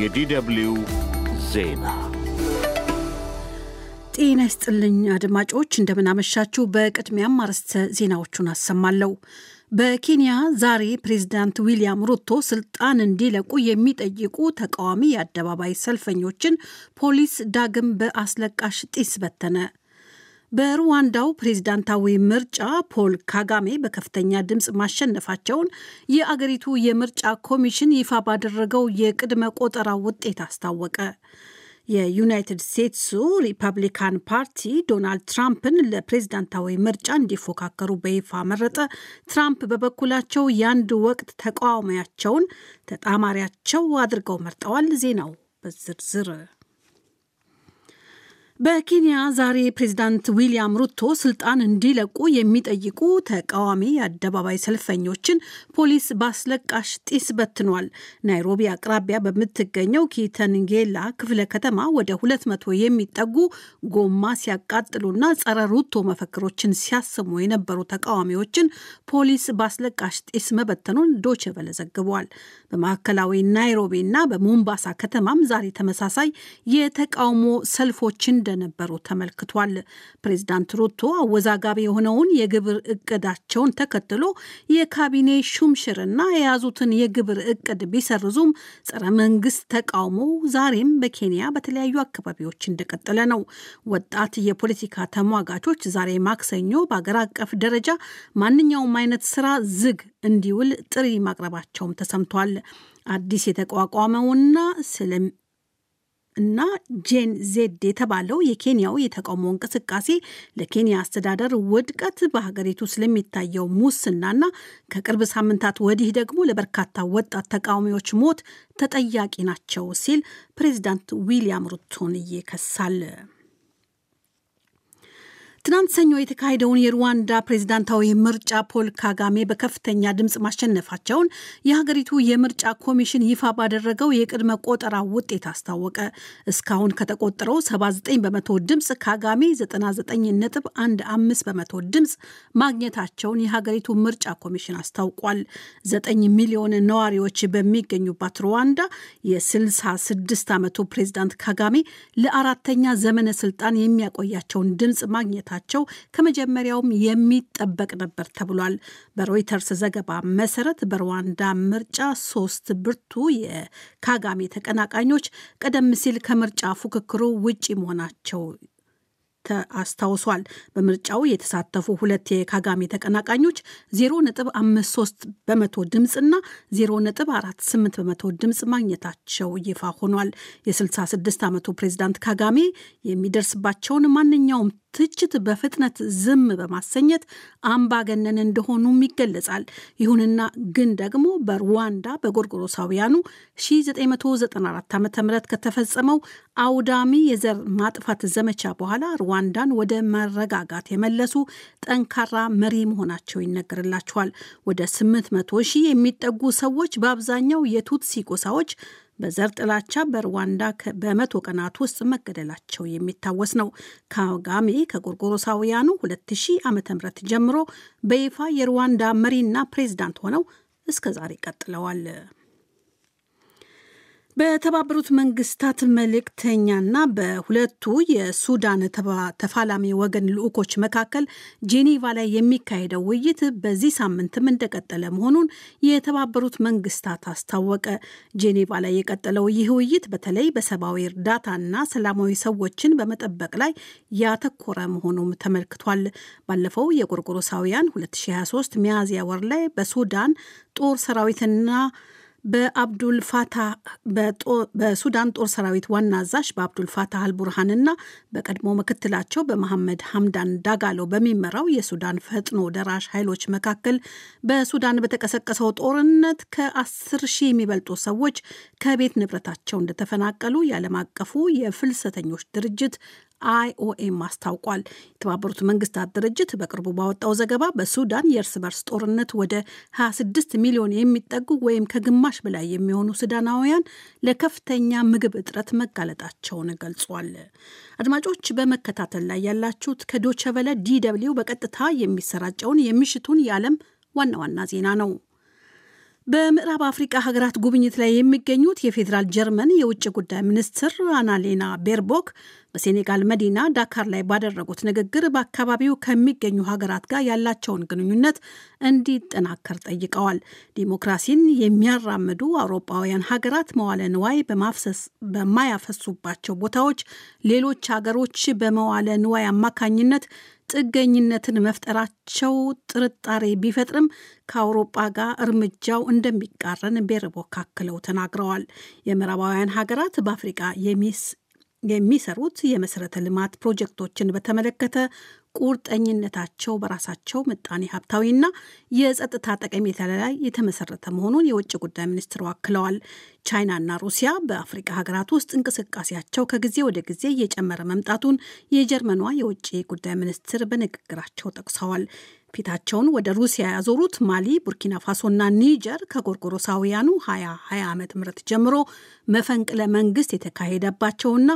የዲደብሊው ዜና ጤና ይስጥልኝ አድማጮች፣ እንደምናመሻችሁ። በቅድሚያም አርስተ ዜናዎቹን አሰማለሁ። በኬንያ ዛሬ ፕሬዚዳንት ዊልያም ሩቶ ስልጣን እንዲለቁ የሚጠይቁ ተቃዋሚ የአደባባይ ሰልፈኞችን ፖሊስ ዳግም በአስለቃሽ ጢስ በተነ። በሩዋንዳው ፕሬዝዳንታዊ ምርጫ ፖል ካጋሜ በከፍተኛ ድምፅ ማሸነፋቸውን የአገሪቱ የምርጫ ኮሚሽን ይፋ ባደረገው የቅድመ ቆጠራ ውጤት አስታወቀ። የዩናይትድ ስቴትሱ ሪፐብሊካን ፓርቲ ዶናልድ ትራምፕን ለፕሬዝዳንታዊ ምርጫ እንዲፎካከሩ በይፋ መረጠ። ትራምፕ በበኩላቸው የአንድ ወቅት ተቃዋሚያቸውን ተጣማሪያቸው አድርገው መርጠዋል። ዜናው በዝርዝር በኬንያ ዛሬ ፕሬዚዳንት ዊሊያም ሩቶ ስልጣን እንዲለቁ የሚጠይቁ ተቃዋሚ የአደባባይ ሰልፈኞችን ፖሊስ በአስለቃሽ ጢስ በትኗል። ናይሮቢ አቅራቢያ በምትገኘው ኪተንጌላ ክፍለ ከተማ ወደ 200 የሚጠጉ ጎማ ሲያቃጥሉና ጸረ ሩቶ መፈክሮችን ሲያሰሙ የነበሩ ተቃዋሚዎችን ፖሊስ በአስለቃሽ ጢስ መበተኑን ዶቼ ቬለ ዘግቧል። በማዕከላዊ ናይሮቢ እና በሞምባሳ ከተማም ዛሬ ተመሳሳይ የተቃውሞ ሰልፎችን እንደነበሩ ተመልክቷል። ፕሬዚዳንት ሩቶ አወዛጋቢ የሆነውን የግብር እቅዳቸውን ተከትሎ የካቢኔ ሹምሽርና የያዙትን የግብር እቅድ ቢሰርዙም ጸረ መንግስት ተቃውሞ ዛሬም በኬንያ በተለያዩ አካባቢዎች እንደቀጠለ ነው። ወጣት የፖለቲካ ተሟጋቾች ዛሬ ማክሰኞ በአገር አቀፍ ደረጃ ማንኛውም አይነት ስራ ዝግ እንዲውል ጥሪ ማቅረባቸውም ተሰምቷል። አዲስ የተቋቋመውና እና ጄን ዜድ የተባለው የኬንያው የተቃውሞ እንቅስቃሴ ለኬንያ አስተዳደር ውድቀት በሀገሪቱ ስለሚታየው ሙስናና ከቅርብ ሳምንታት ወዲህ ደግሞ ለበርካታ ወጣት ተቃዋሚዎች ሞት ተጠያቂ ናቸው ሲል ፕሬዚዳንት ዊሊያም ሩቶን እየከሳል። ትናንት ሰኞ የተካሄደውን የሩዋንዳ ፕሬዝዳንታዊ ምርጫ ፖል ካጋሜ በከፍተኛ ድምፅ ማሸነፋቸውን የሀገሪቱ የምርጫ ኮሚሽን ይፋ ባደረገው የቅድመ ቆጠራ ውጤት አስታወቀ። እስካሁን ከተቆጠረው 79 በመቶ ድምፅ ካጋሜ 99.15 በመቶ ድምፅ ማግኘታቸውን የሀገሪቱ ምርጫ ኮሚሽን አስታውቋል። 9 ሚሊዮን ነዋሪዎች በሚገኙባት ሩዋንዳ የ66 ዓመቱ ፕሬዝዳንት ካጋሜ ለአራተኛ ዘመነ ስልጣን የሚያቆያቸውን ድምፅ ማግኘት መግባታቸው ከመጀመሪያውም የሚጠበቅ ነበር ተብሏል። በሮይተርስ ዘገባ መሰረት በሩዋንዳ ምርጫ ሶስት ብርቱ የካጋሜ ተቀናቃኞች ቀደም ሲል ከምርጫ ፉክክሩ ውጪ መሆናቸው አስታውሷል። በምርጫው የተሳተፉ ሁለት የካጋሜ ተቀናቃኞች 0.53 በመቶ ድምፅና 0.48 በመቶ ድምፅ ማግኘታቸው ይፋ ሆኗል። የ66 ዓመቱ ፕሬዚዳንት ካጋሜ የሚደርስባቸውን ማንኛውም ትችት በፍጥነት ዝም በማሰኘት አምባገነን እንደሆኑም ይገለጻል። ይሁንና ግን ደግሞ በሩዋንዳ በጎርጎሮሳውያኑ 1994 ዓ ም ከተፈጸመው አውዳሚ የዘር ማጥፋት ዘመቻ በኋላ ሩዋንዳን ወደ መረጋጋት የመለሱ ጠንካራ መሪ መሆናቸው ይነገርላቸዋል። ወደ 800 ሺህ የሚጠጉ ሰዎች በአብዛኛው የቱትሲ ጎሳዎች በዘር ጥላቻ በሩዋንዳ በመቶ ቀናት ውስጥ መገደላቸው የሚታወስ ነው። ካጋሜ ከጎርጎሮሳውያኑ 2000 ዓ ም ጀምሮ በይፋ የሩዋንዳ መሪና ፕሬዚዳንት ሆነው እስከዛሬ ቀጥለዋል። በተባበሩት መንግስታት መልእክተኛና በሁለቱ የሱዳን ተፋላሚ ወገን ልዑኮች መካከል ጄኔቫ ላይ የሚካሄደው ውይይት በዚህ ሳምንትም እንደቀጠለ መሆኑን የተባበሩት መንግስታት አስታወቀ። ጄኔቫ ላይ የቀጠለው ይህ ውይይት በተለይ በሰብአዊ እርዳታና ሰላማዊ ሰዎችን በመጠበቅ ላይ ያተኮረ መሆኑም ተመልክቷል። ባለፈው የጎርጎሮሳውያን 2023 ሚያዝያ ወር ላይ በሱዳን ጦር ሰራዊትና በአብዱል ፋታህ በሱዳን ጦር ሰራዊት ዋና አዛዥ በአብዱል ፋታህ አልቡርሃንና በቀድሞ ምክትላቸው በመሐመድ ሐምዳን ዳጋሎ በሚመራው የሱዳን ፈጥኖ ደራሽ ኃይሎች መካከል በሱዳን በተቀሰቀሰው ጦርነት ከአስር ሺህ የሚበልጡ ሰዎች ከቤት ንብረታቸው እንደተፈናቀሉ የዓለም አቀፉ የፍልሰተኞች ድርጅት አይኦኤም አስታውቋል። የተባበሩት መንግስታት ድርጅት በቅርቡ ባወጣው ዘገባ በሱዳን የእርስ በርስ ጦርነት ወደ 26 ሚሊዮን የሚጠጉ ወይም ከግማሽ በላይ የሚሆኑ ሱዳናውያን ለከፍተኛ ምግብ እጥረት መጋለጣቸውን ገልጿል። አድማጮች በመከታተል ላይ ያላችሁት ከዶቸቨለ ዲ ደብልዩ በቀጥታ የሚሰራጨውን የምሽቱን የዓለም ዋና ዋና ዜና ነው። በምዕራብ አፍሪቃ ሀገራት ጉብኝት ላይ የሚገኙት የፌዴራል ጀርመን የውጭ ጉዳይ ሚኒስትር አናሌና ቤርቦክ በሴኔጋል መዲና ዳካር ላይ ባደረጉት ንግግር በአካባቢው ከሚገኙ ሀገራት ጋር ያላቸውን ግንኙነት እንዲጠናከር ጠይቀዋል። ዲሞክራሲን የሚያራምዱ አውሮፓውያን ሀገራት መዋለ ንዋይ በማፍሰስ በማያፈሱባቸው ቦታዎች ሌሎች ሀገሮች በመዋለ ንዋይ አማካኝነት ጥገኝነትን መፍጠራቸው ጥርጣሬ ቢፈጥርም ከአውሮጳ ጋር እርምጃው እንደሚቃረን ቤርቦ ካክለው ተናግረዋል። የምዕራባውያን ሀገራት በአፍሪቃ የሚሰሩት የመሰረተ ልማት ፕሮጀክቶችን በተመለከተ ቁርጠኝነታቸው በራሳቸው ምጣኔ ሀብታዊና የጸጥታ ጠቀሜታ ላይ የተመሰረተ መሆኑን የውጭ ጉዳይ ሚኒስትሩ አክለዋል። ቻይናና ሩሲያ በአፍሪካ ሀገራት ውስጥ እንቅስቃሴያቸው ከጊዜ ወደ ጊዜ እየጨመረ መምጣቱን የጀርመኗ የውጭ ጉዳይ ሚኒስትር በንግግራቸው ጠቅሰዋል። ፊታቸውን ወደ ሩሲያ ያዞሩት ማሊ፣ ቡርኪና ፋሶና ኒጀር ከጎርጎሮሳውያኑ 2020 ዓመተ ምህረት ጀምሮ መፈንቅለ መንግስት የተካሄደባቸውና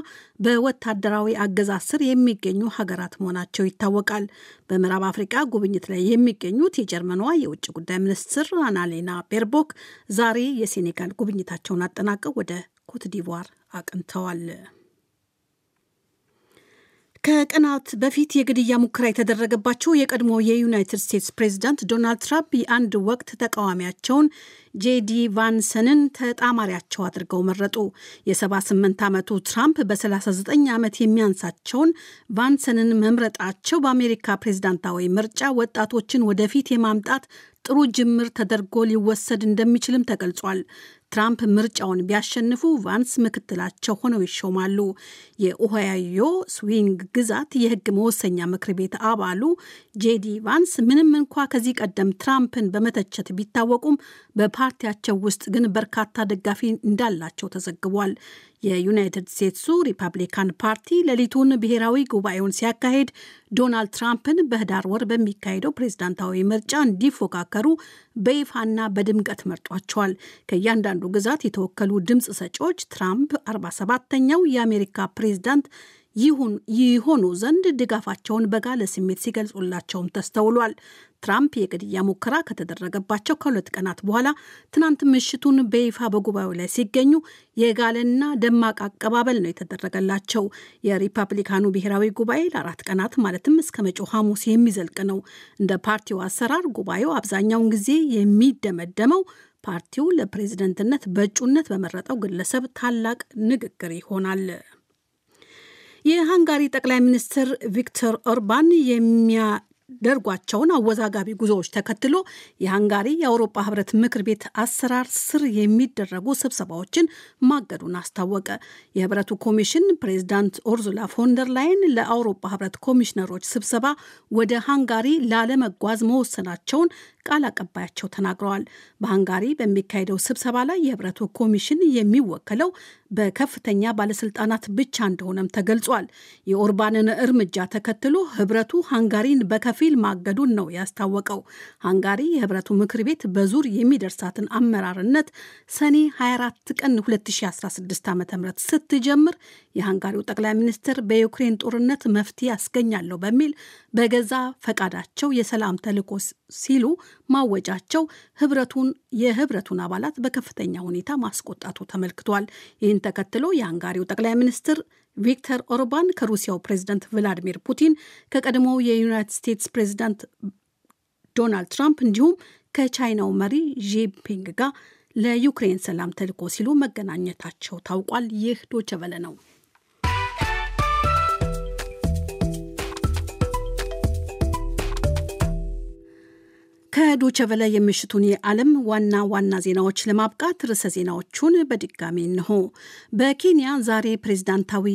በወታደራዊ አገዛዝ ስር የሚገኙ ሀገራት መሆናቸው ይታወቃል። በምዕራብ አፍሪቃ ጉብኝት ላይ የሚገኙት የጀርመኗ የውጭ ጉዳይ ሚኒስትር አናሌና ቤርቦክ ዛሬ የሴኔጋል ጉብኝታቸውን አጠናቀው ወደ ኮትዲቯር አቅንተዋል። ከቀናት በፊት የግድያ ሙከራ የተደረገባቸው የቀድሞ የዩናይትድ ስቴትስ ፕሬዚዳንት ዶናልድ ትራምፕ የአንድ ወቅት ተቃዋሚያቸውን ጄዲ ቫንሰንን ተጣማሪያቸው አድርገው መረጡ። የ78 ዓመቱ ትራምፕ በ39 ዓመት የሚያንሳቸውን ቫንሰንን መምረጣቸው በአሜሪካ ፕሬዝዳንታዊ ምርጫ ወጣቶችን ወደፊት የማምጣት ጥሩ ጅምር ተደርጎ ሊወሰድ እንደሚችልም ተገልጿል። ትራምፕ ምርጫውን ቢያሸንፉ ቫንስ ምክትላቸው ሆነው ይሾማሉ። የኦሃዮ ስዊንግ ግዛት የህግ መወሰኛ ምክር ቤት አባሉ ጄዲ ቫንስ ምንም እንኳ ከዚህ ቀደም ትራምፕን በመተቸት ቢታወቁም በፓርቲያቸው ውስጥ ግን በርካታ ደጋፊ እንዳላቸው ተዘግቧል። የዩናይትድ ስቴትሱ ሪፐብሊካን ፓርቲ ሌሊቱን ብሔራዊ ጉባኤውን ሲያካሄድ ዶናልድ ትራምፕን በህዳር ወር በሚካሄደው ፕሬዝዳንታዊ ምርጫ እንዲፎካከሩ በይፋና በድምቀት መርጧቸዋል። ከእያንዳንዱ ግዛት የተወከሉ ድምፅ ሰጪዎች ትራምፕ 47ኛው የአሜሪካ ፕሬዝዳንት ይሆኑ ዘንድ ድጋፋቸውን በጋለ ስሜት ሲገልጹላቸውም ተስተውሏል። ትራምፕ የግድያ ሙከራ ከተደረገባቸው ከሁለት ቀናት በኋላ ትናንት ምሽቱን በይፋ በጉባኤው ላይ ሲገኙ የጋለና ደማቅ አቀባበል ነው የተደረገላቸው። የሪፐብሊካኑ ብሔራዊ ጉባኤ ለአራት ቀናት ማለትም እስከ መጪው ሐሙስ የሚዘልቅ ነው። እንደ ፓርቲው አሰራር ጉባኤው አብዛኛውን ጊዜ የሚደመደመው ፓርቲው ለፕሬዝደንትነት በእጩነት በመረጠው ግለሰብ ታላቅ ንግግር ይሆናል። የሃንጋሪ ጠቅላይ ሚኒስትር ቪክተር ኦርባን የሚያ ደርጓቸውን አወዛጋቢ ጉዞዎች ተከትሎ የሃንጋሪ የአውሮፓ ህብረት ምክር ቤት አሰራር ስር የሚደረጉ ስብሰባዎችን ማገዱን አስታወቀ። የህብረቱ ኮሚሽን ፕሬዚዳንት ኦርዙላ ፎንደር ላይን ለአውሮፓ ህብረት ኮሚሽነሮች ስብሰባ ወደ ሃንጋሪ ላለመጓዝ መወሰናቸውን ቃል አቀባያቸው ተናግረዋል። በሃንጋሪ በሚካሄደው ስብሰባ ላይ የህብረቱ ኮሚሽን የሚወከለው በከፍተኛ ባለስልጣናት ብቻ እንደሆነም ተገልጿል። የኦርባንን እርምጃ ተከትሎ ህብረቱ ሃንጋሪን በከፍ በከፊል ማገዱን ነው ያስታወቀው። ሃንጋሪ የህብረቱ ምክር ቤት በዙር የሚደርሳትን አመራርነት ሰኔ 24 ቀን 2016 ዓ ም ስትጀምር የሃንጋሪው ጠቅላይ ሚኒስትር በዩክሬን ጦርነት መፍትሄ ያስገኛለሁ በሚል በገዛ ፈቃዳቸው የሰላም ተልዕኮ ሲሉ ማወጃቸው ህብረቱን የህብረቱን አባላት በከፍተኛ ሁኔታ ማስቆጣቱ ተመልክቷል። ይህን ተከትሎ የሃንጋሪው ጠቅላይ ሚኒስትር ቪክተር ኦርባን ከሩሲያው ፕሬዚደንት ቭላዲሚር ፑቲን ከቀድሞው የዩናይትድ ስቴትስ ፕሬዚደንት ዶናልድ ትራምፕ እንዲሁም ከቻይናው መሪ ጂፒንግ ጋር ለዩክሬን ሰላም ተልኮ ሲሉ መገናኘታቸው ታውቋል። ይህ ዶቸበለ ነው። ከዶቸበለ የምሽቱን የዓለም ዋና ዋና ዜናዎች ለማብቃት ርዕሰ ዜናዎቹን በድጋሚ እንሆ። በኬንያ ዛሬ ፕሬዚዳንታዊ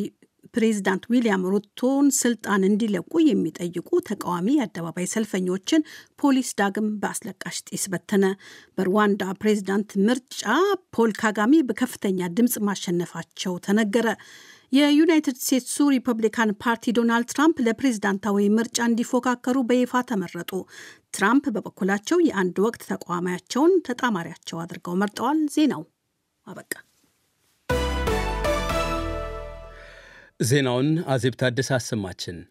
ፕሬዚዳንት ዊሊያም ሩቶን ስልጣን እንዲለቁ የሚጠይቁ ተቃዋሚ የአደባባይ ሰልፈኞችን ፖሊስ ዳግም በአስለቃሽ ጢስ በተነ። በሩዋንዳ ፕሬዚዳንት ምርጫ ፖል ካጋሚ በከፍተኛ ድምፅ ማሸነፋቸው ተነገረ። የዩናይትድ ስቴትሱ ሪፐብሊካን ፓርቲ ዶናልድ ትራምፕ ለፕሬዝዳንታዊ ምርጫ እንዲፎካከሩ በይፋ ተመረጡ። ትራምፕ በበኩላቸው የአንድ ወቅት ተቋማቸውን ተጣማሪያቸው አድርገው መርጠዋል። ዜናው አበቃ። ዜናውን አዜብ ታደሰ አሰማችን።